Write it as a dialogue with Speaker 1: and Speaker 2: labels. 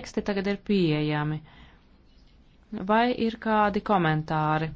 Speaker 1: teksti tagad ir pieejami. Vai ir kādi komentāri?